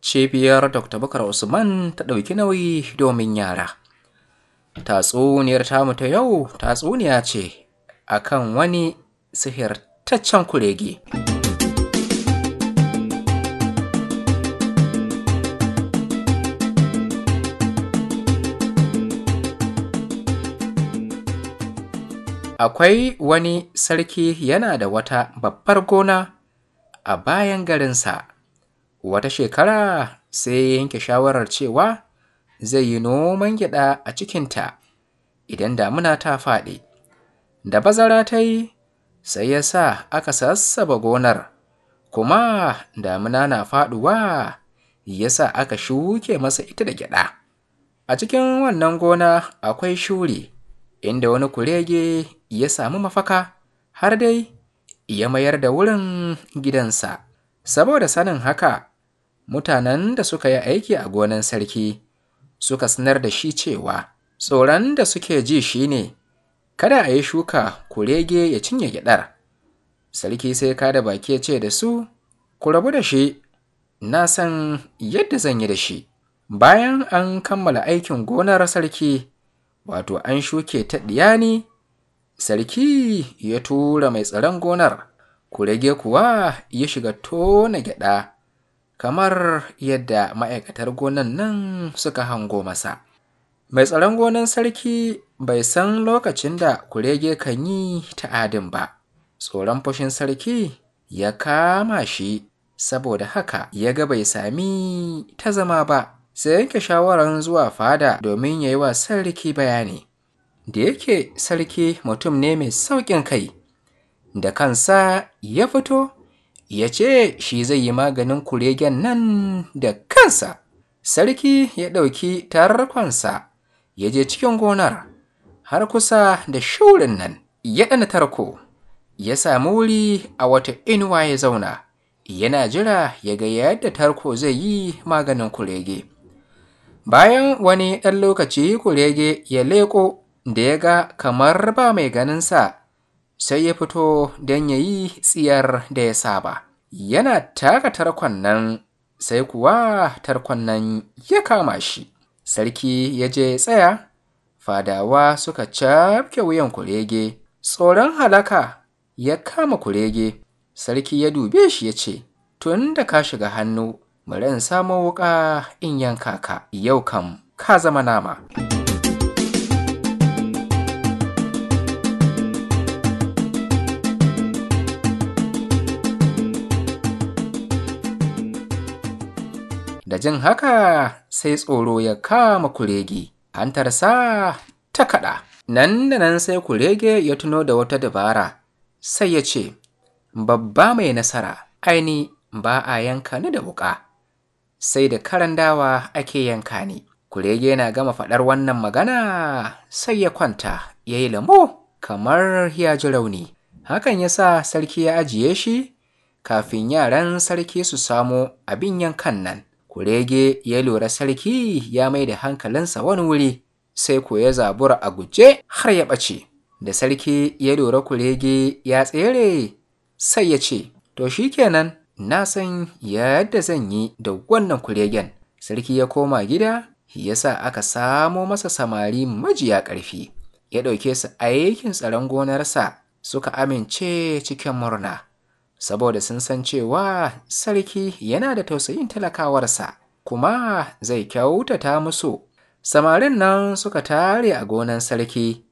cibiyar dr bakar usman ta ɗauki nauyi domin yara tatsuniyar tamu ta yau tatsuniya ce akan wani sihirtaccen kurege akwai wani sarki yana da wata babbar gona a bayan garinsa Wata shekara sai ya yanke shawarar cewa zai yi noman gyada a cikinta idan damuna ta faɗi. Da bazara ta yi sai ya sa aka sassaba gonar, kuma damuna na faɗuwa ya sa aka shuke masa ita da gyada. A cikin wannan gona akwai shuri, inda wani kurege ya samu mafaka har dai ya mayar da wurin gidansa. Saboda sanin haka mutanen da suka yi aiki a gonan sarki suka sanar da shi cewa tsoron da suke ji shi ne kada a yi shuka ku rege ya cinye gyaɗar sarki sai ka da baki ya ce da su ku rabu da shi na san yadda zan yi da shi bayan an kammala aikin gonar sarki wato an shuke ta ɗiyani sarki ya tura mai tsaron gonar ku kurege kuwa ya shiga tona gyaɗa kamar yadda ma'aikatar gonan nan suka hango masa mai tsaron gonan sarki bai san lokacin da kurege kan yi ta adin ba tsoron fushin sarki ya kama shi saboda haka ya ga bai sami ta zama ba sai yanke shawarar zuwa fada domin ya yi wa sarki bayani da yake sarki mutum ne mai sauƙin kai da kansa ya fito ya ce shi zai yi maganin kuregen nan da kansa sarki ya ɗauki tarkonsa ya je cikin gonar har kusa da shurin nan ya ɗana tarko ya sami wuri a wata inuwa ya zauna yana jira ya ga yadda tarko zai yi maganin kurege bayan wani ɗan lokaci kurege ya leƙo da ya ga kamar ba mai ganinsa sai ya fito don ya yi tsiyar da ya saba yana taka tarkon nan sai kuwa tarkon nan ya kama shi sarki ya je tsaya fadawa suka cafke wuyan kurege tsoron halaka ya kama kurege sarki ya dube shi ya ce tun da ka shiga hannu bari in samu wuƙa in yanka ka yau kam ka zama nama da jin haka sai tsoro ya kama kurege hantarsa ta kaɗa nan da nan sai kurege ya tuno da wata dabara sai ya ce babba mai nasara aini ba a yanka ni da wuƙa sai da karandawa ake yanka ni kurege na gama faɗar wannan magana sai ya kwanta ya yi lamo kamar ya ji rauni hakan ya sa sarki ya ajiye shi kafin yaran sarki su samo abin yankan nan kurege ya lura sarki ya mai da hankalinsa wani wuri sai ko ya zabura a guje har ya ɓace da sarki ya lura kurege ya tsere sai ya ce to shi shikenan na san yadda zan yi da wannan kuregen sarki ya koma gida ya sa aka samo masa samari majiya ƙarfi ya ɗauke su aikin tsaron gonarsa suka amince cikin murna saboda sun san cewa sarki yana da tausayin talakawarsa kuma zai kyautata musu samarin nan suka tare a gonan sarki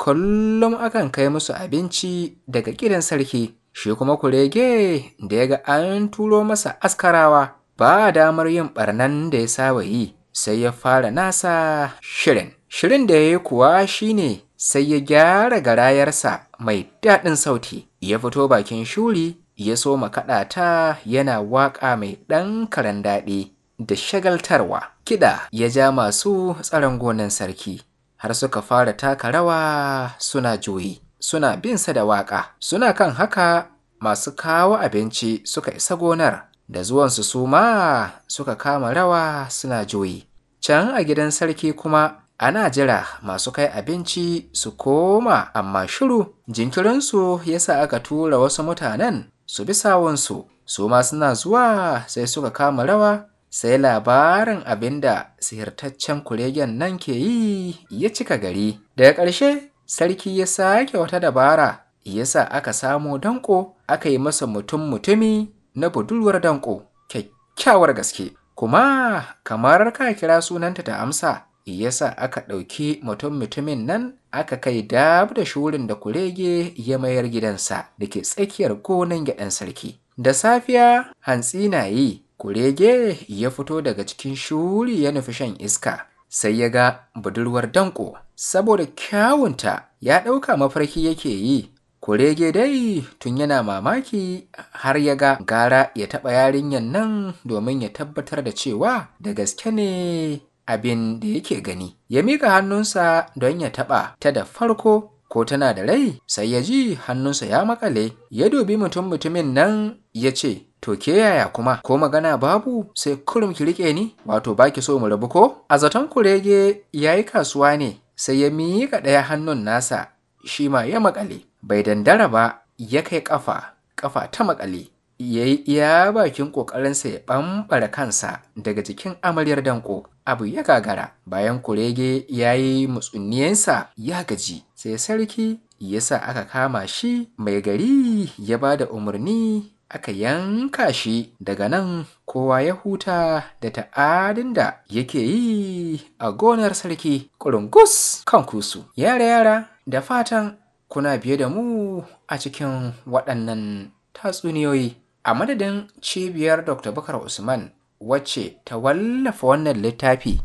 kullum akan kai musu abinci daga gidan sarki shi kuma kurege da ya ga an turo masa askarawa ba damar yin ɓarnan da ya saba yi sai ya fara nasa shirin shirin da ya yi kuwa shine sai ya gyara garayarsa mai daɗin sauti ya fito bakin shuri ya soma kaɗa ta yana waƙa mai ɗan karen daɗi da shagaltarwa kiɗa ya ja masu tsaron gonan sarki har suka fara taka rawa suna juyi suna bin sa da waƙa suna kan haka masu kawo abinci suka isa gonar da zuwansu su ma suka kama rawa suna juyi can a gidan sarki kuma ana jira masu kai abinci su koma amma shiru jinkirinsu ya sa aka tura wasu mutanen su bi sawunsu su ma suna zuwa sai suka kama rawa sai labarin abin da sihirtaccen kuregen nan ke yi ya cika gari daga ƙarshe sarki ya sake wata dabara ya sa aka samo danko aka yi masa mutum mutumi na budurwar danko kyakkyawar gaske kuma kamar ka kira sunanta da amsa yasa aka ɗauki mutum-mutumin nan aka kai dab da shurin da kurege ya mayar gidansa da ke tsakiyar gonan gyaɗan sarki. Da safiya hantsi na yi, kurege ya fito daga cikin shuri ya nufi shan iska, sai ya ga budurwar danko, saboda kyawunta ya ɗauka mafarki yake yi. Kurege dai tun yana mamaki har ya ga gara ya taɓa yarinyan nan domin ya tabbatar da cewa da gaske ne abin da yake gani ya mika hannunsa don ya taɓa ta da farko ko tana da rai sai ya ji hannunsa ya makale ya dubi mutum mutumin nan ya ce to ke yaya kuma ko magana babu sai kurum ki riƙe ni wato baki so mu rabu ko a zaton kurege ya yi kasuwa ne sai ya miƙa ɗaya hannun nasa shi ma ya makale bai dandara ba ya kai ƙafa ƙafa ta makale ya yi iya bakin ƙoƙarinsa ya ɓamɓare kansa daga jikin amaryar danko abu ya gagara bayan kurege ya yi mutsunniyansa ya gaji sai sarki ya sa aka kama shi mai gari ya ba da umarni aka yanka shi daga nan kowa ya huta da ta'adin da yake yi a gonar sarki ƙurungus kan kusu yara yara da fatan kuna biye da mu a cikin waɗannan tatsuniyoyi A madadin cibiyar Dr. Bakar Usman wacce ta wallafa wannan littafi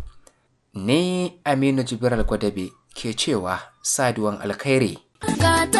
ne Aminu Jibiral Gwadabe ke cewa saduwan alkhairi.